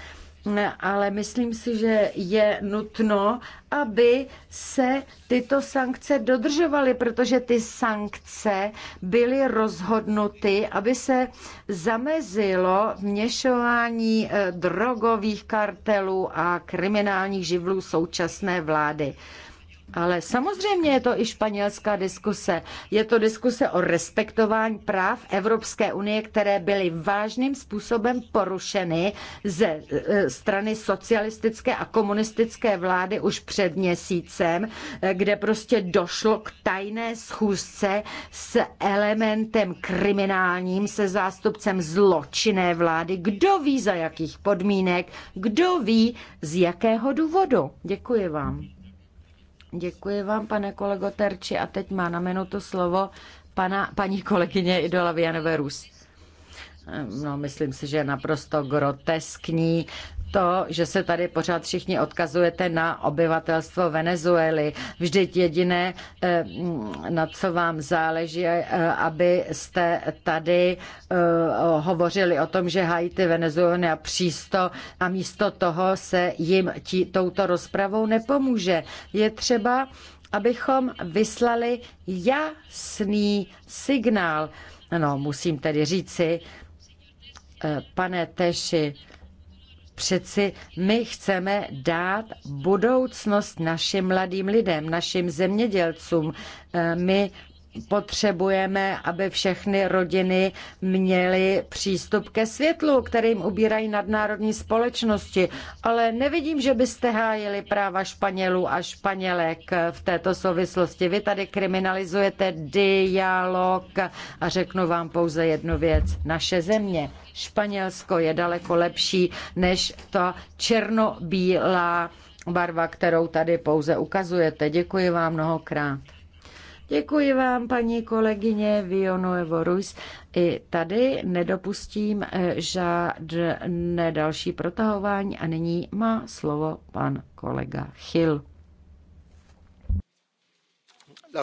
ale myslím si, že je nutno, aby se tyto sankce dodržovaly, protože ty sankce byly rozhodnuty, aby se zamezilo vměšování eh, drogových kartelů a kriminálních živlů současné vlády. Ale samozřejmě je to i španělská diskuse. Je to diskuse o respektování práv Evropské unie, které byly vážným způsobem porušeny ze e, strany socialistické a komunistické vlády už před měsícem, e, kde prostě došlo k tajné schůzce s elementem kriminálním, se zástupcem zločinné vlády. Kdo ví za jakých podmínek, kdo ví z jakého důvodu. Děkuji vám. Děkuji vám, pane kolego Terči. A teď má na minutu slovo pana, paní kolegyně Idola Vianové Rus. No, myslím si, že je naprosto groteskní to, že se tady pořád všichni odkazujete na obyvatelstvo Venezuely. Vždyť jediné, eh, na co vám záleží, eh, abyste tady eh, hovořili o tom, že hájíte Venezuely a přísto a místo toho se jim tí, touto rozpravou nepomůže. Je třeba, abychom vyslali jasný signál. No, musím tedy říci, pane Teši, Přeci my chceme dát budoucnost našim mladým lidem, našim zemědělcům. Eh, my potřebujeme, aby všechny rodiny měly přístup ke světlu, kterým ubírají nadnárodní společnosti. Ale nevidím, že byste hájili práva Španělů a Španělek v této souvislosti. Vy tady kriminalizujete dialog a řeknu vám pouze jednu věc. Naše země, Španělsko, je daleko lepší než ta černobílá barva, kterou tady pouze ukazujete. Děkuji vám mnohokrát. Děkuji vám, paní kolegyně Vionuevo Ruiz. I tady nedopustím eh, žádné další protahování a nyní má slovo pan kolega Chil. No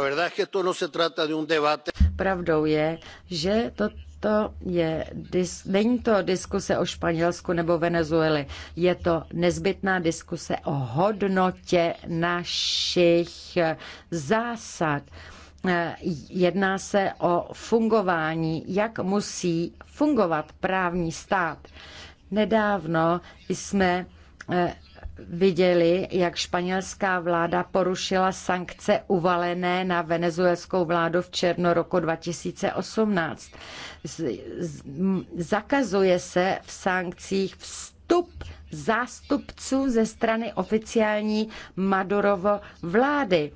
Pravdou je, že to to je, dis, není to diskuse o Španělsku nebo Venezueli, je to nezbytná diskuse o hodnotě našich eh, zásad. Eh, jedná se o fungování, jak musí fungovat právní stát. Nedávno jsme eh, viděli, jak španělská vláda porušila sankce uvalené na venezuelskou vládu v červnu roku 2018. Zakazuje se v sankcích vstup zástupců ze strany oficiální Madurovo vlády.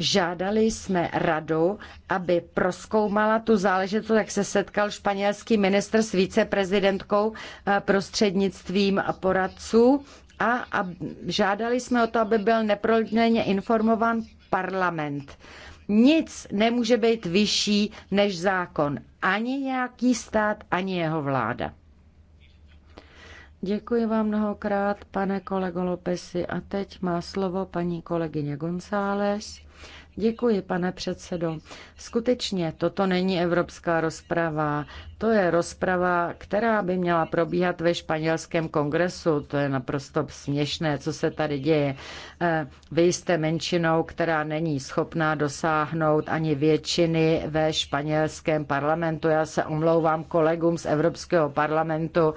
Žádali jsme radu, aby proskoumala tu záležitost, jak se setkal španělský ministr s viceprezidentkou eh, prostřednictvím poradců a, a žádali jsme o to, aby byl neprodleně informován parlament. Nic nemůže být vyšší než zákon. Ani nějaký stát, ani jeho vláda. Děkuji vám mnohokrát, pane kolego Lopesi. A teď má slovo paní kolegyně González. Děkuji, pane předsedo. Skutečně, toto není evropská rozprava. To je rozprava, která by měla probíhat ve španělském kongresu. To je naprosto směšné, co se tady děje. Eh, vy jste menšinou, která není schopná dosáhnout ani většiny ve španělském parlamentu. Já se omlouvám kolegům z Evropského parlamentu.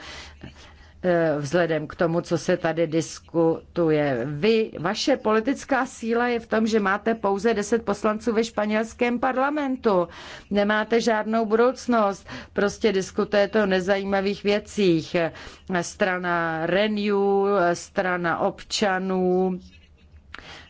E, vzhledem k tomu, co se tady diskutuje. Vy, vaše politická síla je v tom, že máte pouze 10 poslanců ve španělském parlamentu. Nemáte žádnou budoucnost. Prostě diskutujete o nezajímavých věcích. Strana Renew, strana občanů,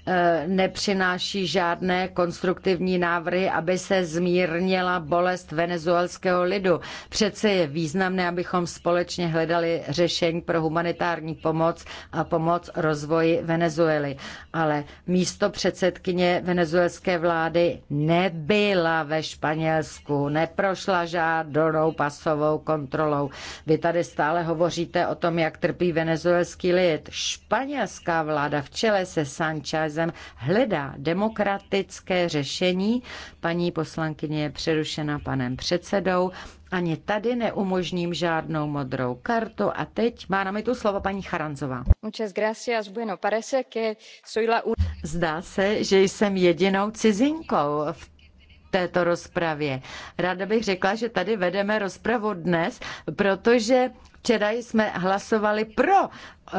E, nepřináší žádné konstruktivní návrhy, aby se zmírnila bolest venezuelského lidu. Přece je významné, abychom společně hledali řešení pro humanitární pomoc a pomoc rozvoji Venezuely. Ale místo předsedkyně venezuelské vlády nebyla ve Španělsku, neprošla žádnou pasovou kontrolou. Vy tady stále hovoříte o tom, jak trpí venezuelský lid. Španělská vláda v čele se Sanchez nálezem hledá demokratické řešení. Paní poslankyně je přerušena panem předsedou. Ani tady neumožním žádnou modrou kartu. A teď má na mi tu slovo paní Charanzová. Zdá se, že jsem jedinou cizinkou v této rozpravě. Ráda bych řekla, že tady vedeme rozpravu dnes, protože včera jsme hlasovali pro eh,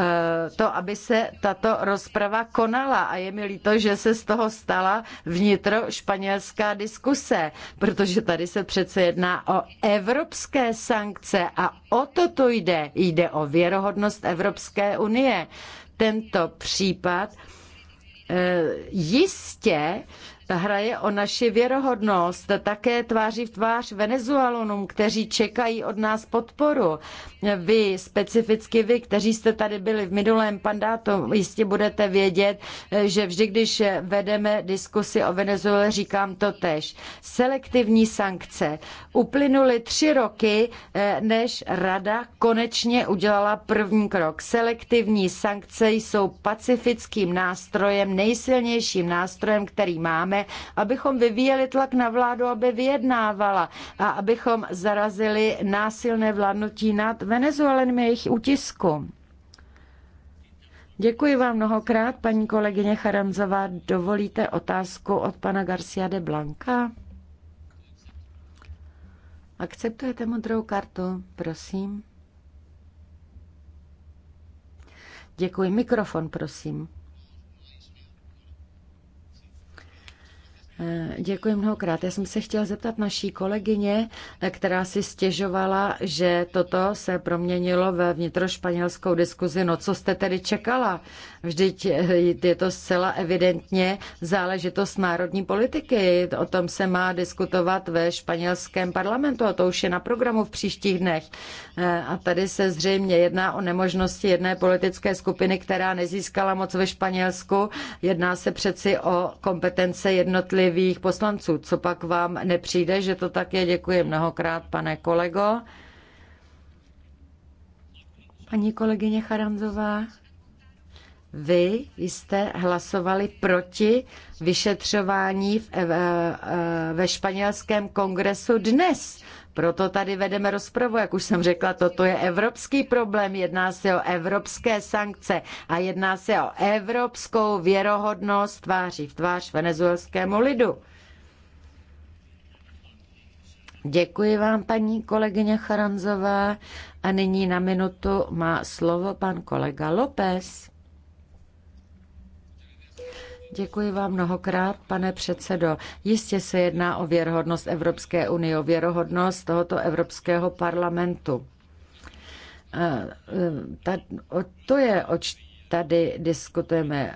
to, aby se tato rozprava konala a je mi líto, že se z toho stala vnitro španělská diskuse, protože tady se přece jedná o evropské sankce a o to to jde. Jde o věrohodnost Evropské unie. Tento případ eh, jistě hraje o naši věrohodnost, také tváří v tvář Venezuelanům, kteří čekají od nás podporu. Vy, specificky vy, kteří jste tady byli v minulém pandátu, jistě budete vědět, že vždy, když vedeme diskusy o Venezuele, říkám to tež. Selektivní sankce. Uplynuly tři roky, eh, než rada konečně udělala první krok. Selektivní sankce jsou pacifickým nástrojem, nejsilnějším nástrojem, který máme abychom vyvíjeli tlak na vládu, aby vyjednávala a abychom zarazili násilné vládnutí nad Venezuelanmi jejich utisku. Děkuji vám mnohokrát, paní kolegyně Charanzová. Dovolíte otázku od pana Garcia de Blanca? Akceptujete modrou kartu, prosím? Děkuji. Mikrofon, prosím. Eh, děkuji mnohokrát. Já jsem se chtěla zeptat naší kolegyně, eh, která si stěžovala, že toto se proměnilo ve vnitrošpanělskou diskuzi. No co jste tedy čekala? Vždyť eh, je to zcela evidentně záležitost národní politiky. O tom se má diskutovat ve španělském parlamentu a to už je na programu v příštích dnech. A tady se zřejmě jedná o nemožnosti jedné politické skupiny, která nezískala moc ve Španělsku. Jedná se přeci o kompetence jednotlivých jednotlivých poslanců. Co pak vám nepřijde, že to tak je? Děkuji mnohokrát, pane kolego. Paní kolegyně Charanzová, vy jste hlasovali proti vyšetřování v, eh, eh, ve španělském kongresu dnes. Proto tady vedeme rozpravu, jak už jsem řekla, toto je evropský problém, jedná se o evropské sankce a jedná se o evropskou věrohodnost tváří v tvář venezuelskému lidu. Děkuji vám, paní kolegyně Charanzová. A nyní na minutu má slovo pan kolega López. Děkuji vám mnohokrát, pane předsedo. Jistě se jedná o věrohodnost Evropské unie, o věrohodnost tohoto Evropského parlamentu. Eh, eh, to je, oč tady diskutujeme.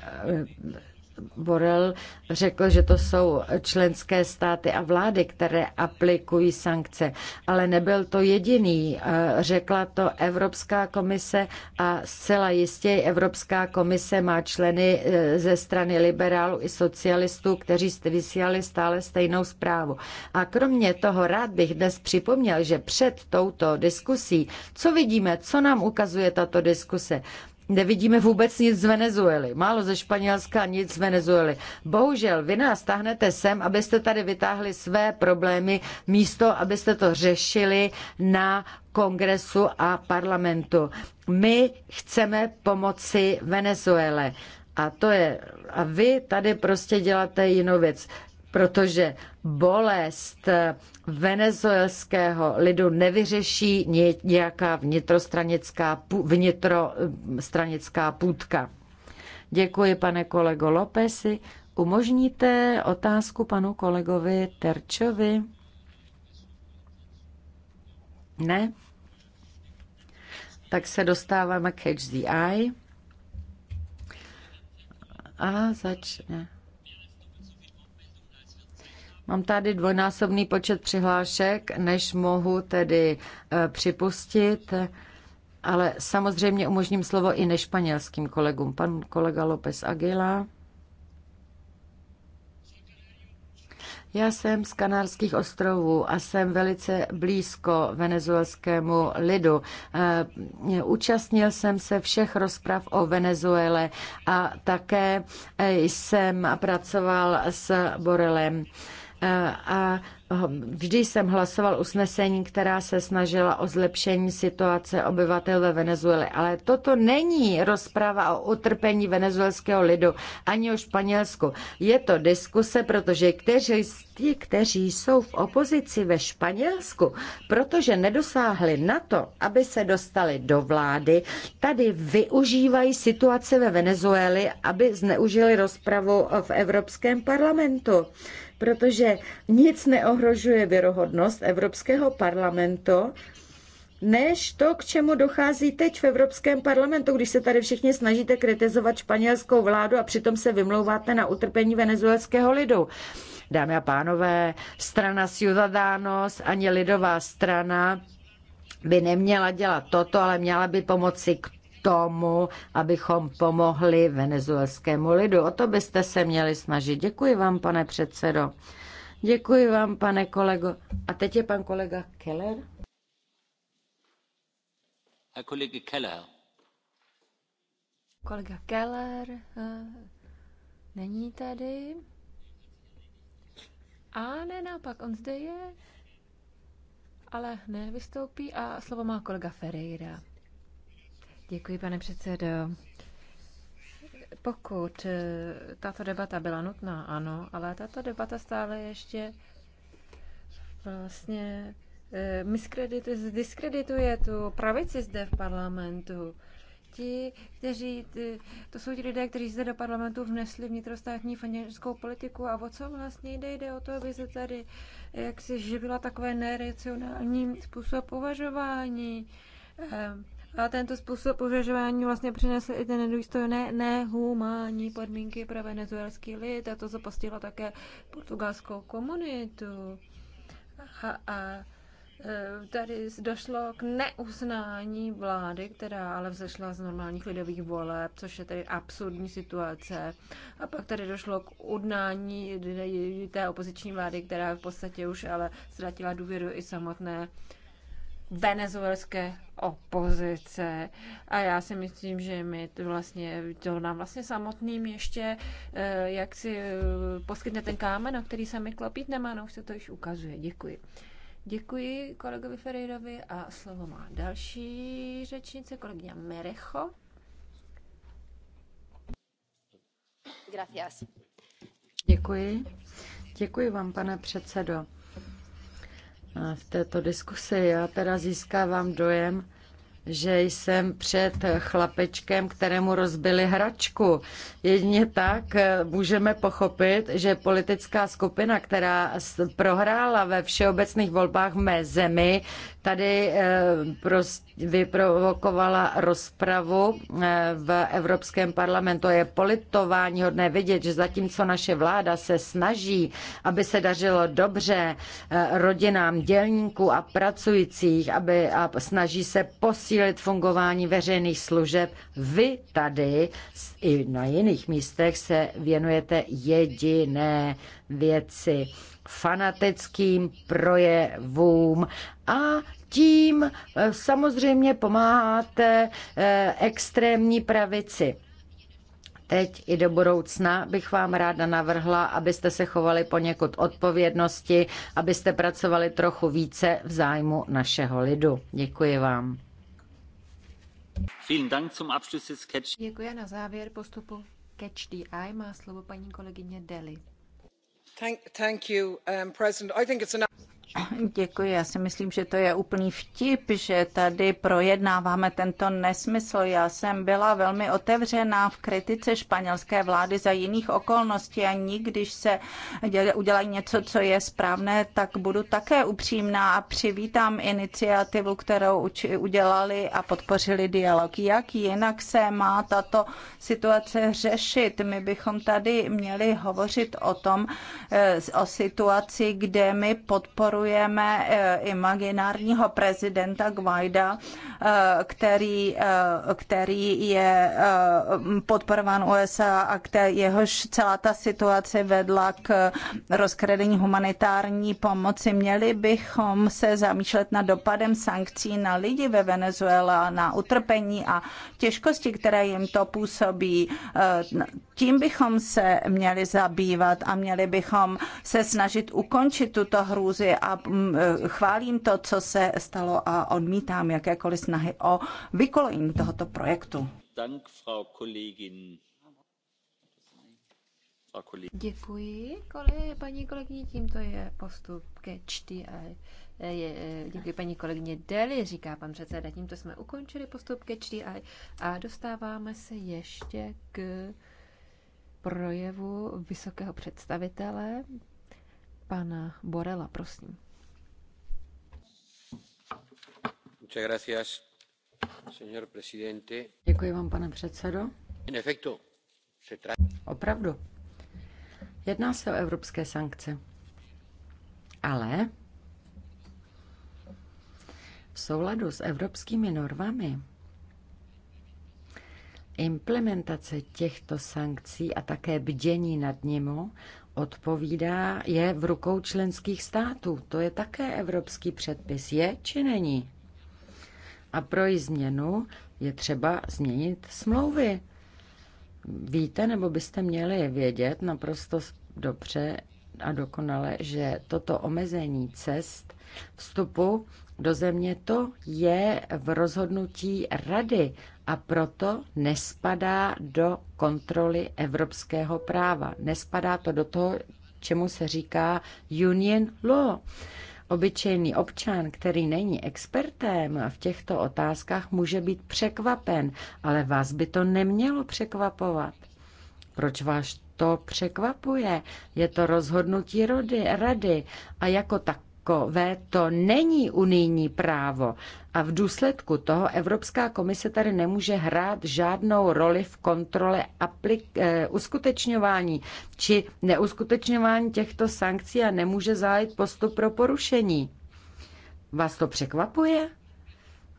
Borel řekl, že to jsou členské státy a vlády, které aplikují sankce. Ale nebyl to jediný. Eh, řekla to Evropská komise a zcela jistě Evropská komise má členy eh, ze strany liberálů i socialistů, kteří vysílali stále stejnou zprávu. A kromě toho rád bych dnes připomněl, že před touto diskusí, co vidíme, co nám ukazuje tato diskuse, Nevidíme vůbec nic z Venezuely. Málo ze Španělska, nic z Venezuely. Bohužel, vy nás tahnete sem, abyste tady vytáhli své problémy, místo, abyste to řešili na kongresu a parlamentu. My chceme pomoci Venezuele. A to je, a vy tady prostě děláte jinou věc protože bolest venezuelského lidu nevyřeší nějaká vnitrostranická, vnitrostranická půdka. Děkuji, pane kolego Lopesi. Umožníte otázku panu kolegovi Terčovi? Ne? Tak se dostáváme k HDI. A začne Mám tady dvojnásobný počet přihlášek, než mohu tedy eh, připustit, ale samozřejmě umožním slovo i nešpanělským kolegům. Pan kolega López Aguila. Já jsem z Kanárských ostrovů a jsem velice blízko venezuelskému lidu. Eh, účastnil jsem se všech rozprav o Venezuele a také eh, jsem pracoval s Borelem. Eh, a vždy jsem hlasoval usnesení, která se snažila o zlepšení situace obyvatel ve Venezuele. Ale toto není rozprava o utrpení venezuelského lidu ani o Španělsku. Je to diskuse, protože kteří, ti, kteří jsou v opozici ve Španělsku, protože nedosáhli na to, aby se dostali do vlády, tady využívají situace ve Venezuele, aby zneužili rozpravu v Evropském parlamentu protože nic neohrožuje věrohodnost Evropského parlamentu, než to, k čemu dochází teď v Evropském parlamentu, když se tady všichni snažíte kritizovat španělskou vládu a přitom se vymlouváte na utrpení venezuelského lidu. Dámy a pánové, strana Ciudadanos ani lidová strana by neměla dělat toto, ale měla by pomoci k tomu, abychom pomohli venezuelskému lidu. O to byste se měli snažit. Děkuji vám, pane předsedo. Děkuji vám, pane kolego. A teď je pan kolega Keller. A kolega Keller. Kolega Keller eh, není tady. A ne, naopak, on zde je, ale nevystoupí a slovo má kolega Ferreira. Děkuji, pane předsedo. Pokud eh, tato debata byla nutná, ano, ale tato debata stále ještě vlastně eh, diskredituje tu pravici zde v parlamentu. Ti, kteří, to jsou ti lidé, kteří zde do parlamentu vnesli vnitrostátní faněřskou politiku a o co vlastně jde? Jde o to, aby se tady eh, jaksi živila takové neracionální způsob uvažování. Ehm, a tento způsob uvažování vlastně přinesl i ty nedůstojné nehumánní podmínky pro venezuelský lid a to zapostilo také portugalskou komunitu. A, a e, tady došlo k neuznání vlády, která ale vzešla z normálních lidových voleb, což je tedy absurdní situace. A pak tady došlo k udnání té opoziční vlády, která v podstatě už ale ztratila důvěru i samotné venezuelské opozice. A já si myslím, že my to vlastně, to nám vlastně samotným ještě, eh, jak si eh, poskytne ten kámen, na který se mi klopit nemá, no už se to již ukazuje. Děkuji. Děkuji kolegovi Ferreirovi a slovo má další řečnice, kolegyně Merecho. Gracias. Děkuji. Děkuji vám, pane předsedo v této diskusi. Já teda získávám dojem, že jsem před chlapečkem, kterému rozbili hračku. Jedině tak eh, můžeme pochopit, že politická skupina, která prohrála ve všeobecných volbách v mé zemi, tady eh, vyprovokovala rozpravu eh, v Evropském parlamentu. Je politování hodné vidět, že zatímco naše vláda se snaží, aby se dařilo dobře rodinám dělníků a pracujících, aby a snaží se posílit posílit fungování veřejných služeb. Vy tady i na jiných místech se věnujete jediné věci fanatickým projevům a tím eh, samozřejmě pomáháte eh, extrémní pravici. Teď i do budoucna bych vám ráda navrhla, abyste se chovali poněkud odpovědnosti, abyste pracovali trochu více v zájmu našeho lidu. Děkuji vám. Děkuji na závěr postupu Catch the Eye. Má slovo paní kolegyně Deli. Thank, thank you, um, President. I think it's an... Děkuji. Já si myslím, že to je úplný vtip, že tady projednáváme tento nesmysl. Já jsem byla velmi otevřená v kritice španělské vlády za jiných okolností a nikdy, když se udělají něco, co je správné, tak budu také upřímná a přivítám iniciativu, kterou udělali a podpořili dialog. Jak jinak se má tato situace řešit? My bychom tady měli hovořit o tom, eh, o situaci, kde my podporujeme podporujeme eh, imaginárního prezidenta Guaida, eh, který, eh, který je podporován USA a který jehož celá ta situace vedla k rozkradení humanitární pomoci. Měli bychom se zamýšlet nad dopadem sankcí na lidi ve Venezuela, na utrpení a těžkosti, které jim to působí. Tím bychom se měli zabývat a měli bychom se snažit ukončit tuto hrůzi a mm, eh, chválím to, co se stalo a odmítám jakékoliv snahy o vykolení tohoto projektu. Děkuji, kole, paní kolegyně, tímto je postup ke čty a eh, je, eh, děkuji paní kolegyně Deli, říká pan předseda, tímto jsme ukončili postup ke čty a, a dostáváme se ještě k projevu vysokého představitele pana Borela, prosím. Děkuji vám, pane předsedo. Opravdu. Jedná se o evropské sankce. Ale v souladu s evropskými normami implementace těchto sankcí a také bdění nad nimi odpovídá, je v rukou členských států. To je také evropský předpis. Je či není? A pro její změnu je třeba změnit smlouvy. Víte, nebo byste měli vědět naprosto dobře a dokonale, že toto omezení cest vstupu do země, to je v rozhodnutí rady a proto nespadá do kontroly evropského práva. Nespadá to do toho, čemu se říká union law. Obyčejný občan, který není expertem v těchto otázkách, může být překvapen, ale vás by to nemělo překvapovat. Proč vás to překvapuje? Je to rozhodnutí rody, rady a jako tak takové to není unijní právo. A v důsledku toho Evropská komise tady nemůže hrát žádnou roli v kontrole aplik- eh, uskutečňování či neuskutečňování těchto sankcí a nemůže zájít postup pro porušení. Vás to překvapuje?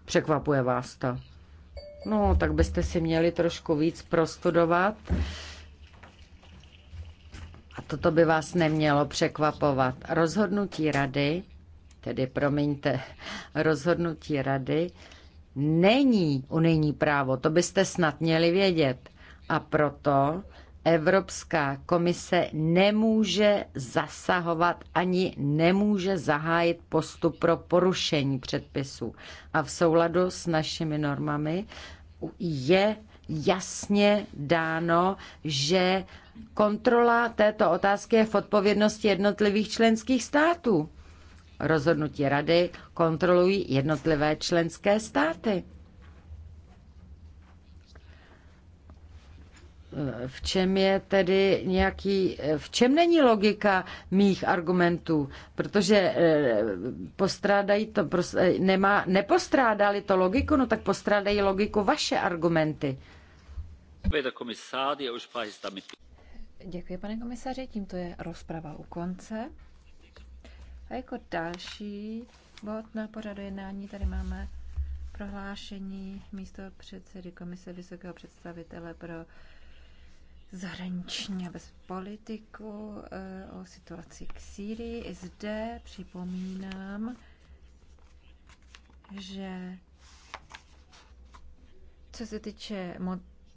Překvapuje vás to. No, tak byste si měli trošku víc prostudovat a toto by vás nemělo překvapovat. Rozhodnutí rady, tedy promiňte, rozhodnutí rady není unijní právo, to byste snad měli vědět. A proto Evropská komise nemůže zasahovat ani nemůže zahájit postup pro porušení předpisů. A v souladu s našimi normami je jasně dáno, že kontrola této otázky je v odpovědnosti jednotlivých členských států. Rozhodnutí rady kontrolují jednotlivé členské státy. v čem je tedy nějaký, v čem není logika mých argumentů, protože eh, postrádají to, eh, nemá, nepostrádali to logiku, no tak postrádají logiku vaše argumenty. Děkuji, pane komisaři. Tímto je rozprava u konce. A jako další bod na pořadu jednání tady máme prohlášení místo předsedy Komise Vysokého představitele pro zahraniční a bez politiku eh, o situaci k Sýrii. I zde připomínám, že co se týče mod